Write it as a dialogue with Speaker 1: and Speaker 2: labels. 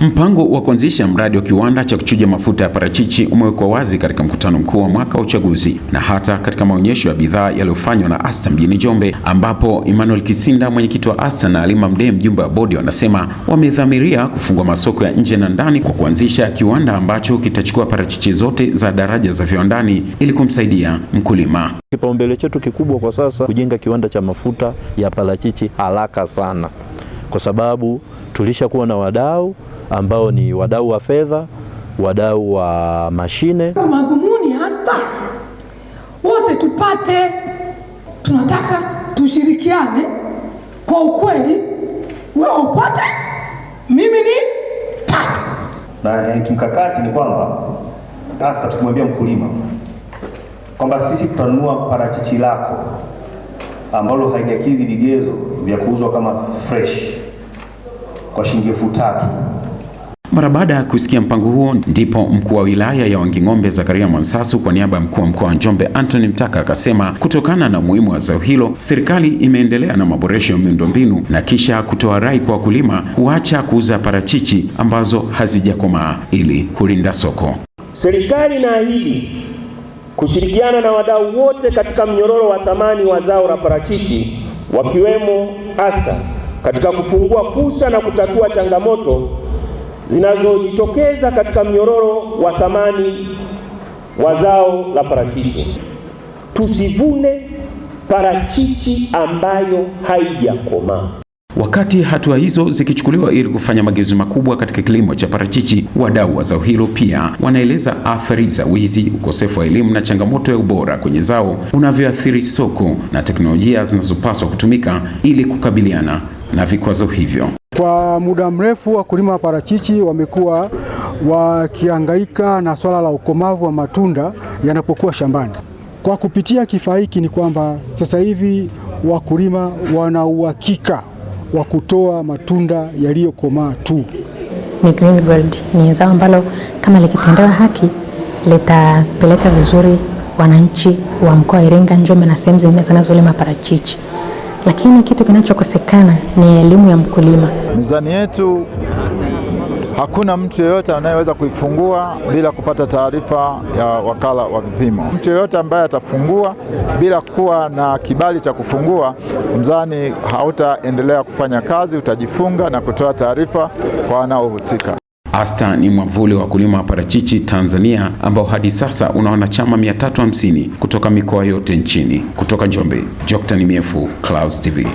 Speaker 1: Mpango wa kuanzisha mradi wa kiwanda cha kuchuja mafuta ya parachichi umewekwa wazi katika mkutano mkuu wa mwaka wa uchaguzi na hata katika maonyesho ya bidhaa yaliyofanywa na Asta mjini Njombe, ambapo Emmanuel Kisinda, mwenyekiti wa Asta, na Alima Mdee, mjumbe wa bodi, wanasema wamedhamiria kufungua masoko ya nje na ndani kwa kuanzisha kiwanda ambacho kitachukua parachichi zote za daraja za viwandani ili kumsaidia mkulima.
Speaker 2: Kipaumbele chetu kikubwa kwa sasa kujenga kiwanda cha mafuta ya parachichi haraka sana, kwa sababu tulishakuwa na wadau ambao ni wadau wa fedha, wadau wa mashine.
Speaker 3: Madhumuni hasa wote tupate, tunataka tushirikiane kwa ukweli, wewe upate, mimi ni pate.
Speaker 4: Na kimkakati ni kwamba sasa tukimwambia mkulima kwamba sisi tutanunua parachichi lako ambalo halijakidhi vigezo vya kuuzwa kama fresh kwa shilingi elfu tatu
Speaker 1: mara baada ya kusikia mpango huo, ndipo mkuu wa wilaya ya Wanging'ombe Zakaria Mwansasu kwa niaba ya mkuu wa mkoa wa Njombe Anthony Mtaka akasema kutokana na umuhimu wa zao hilo, serikali imeendelea na maboresho ya miundombinu na kisha kutoa rai kwa wakulima kuacha kuuza parachichi ambazo hazijakomaa ili kulinda soko.
Speaker 4: Serikali inaahidi kushirikiana na wadau wote katika mnyororo wa thamani wa zao la parachichi wakiwemo ASA katika kufungua fursa na kutatua changamoto zinazojitokeza katika mnyororo wa thamani wa zao la parachichi. Tusivune parachichi ambayo haijakomaa.
Speaker 1: Wakati hatua hizo zikichukuliwa ili kufanya mageuzi makubwa katika kilimo cha parachichi, wadau wa zao hilo pia wanaeleza athari za wizi, ukosefu wa elimu na changamoto ya ubora kwenye zao unavyoathiri soko na teknolojia zinazopaswa kutumika ili kukabiliana na vikwazo hivyo.
Speaker 5: Kwa muda mrefu wakulima wa parachichi wamekuwa wakihangaika na swala la ukomavu wa matunda yanapokuwa shambani. Kwa kupitia kifaa hiki ni kwamba sasa hivi wakulima wana uhakika wa kutoa matunda yaliyokomaa tu.
Speaker 6: Ni Green Gold, ni zao ambalo kama likitendewa haki litapeleka vizuri wananchi wa mkoa wa Iringa, Njombe na sehemu zingine zinazolima parachichi lakini kitu kinachokosekana ni elimu ya mkulima.
Speaker 7: Mizani yetu hakuna mtu yeyote anayeweza kuifungua bila kupata taarifa ya wakala wa vipimo. Mtu yeyote ambaye atafungua bila kuwa na kibali cha kufungua, mzani hautaendelea kufanya kazi, utajifunga na kutoa taarifa kwa wanaohusika.
Speaker 1: Asta ni mwavuli wa wakulima wa parachichi Tanzania ambao hadi sasa una wanachama 350 kutoka mikoa yote nchini. Kutoka Njombe, Joctan Myefu, Clouds TV.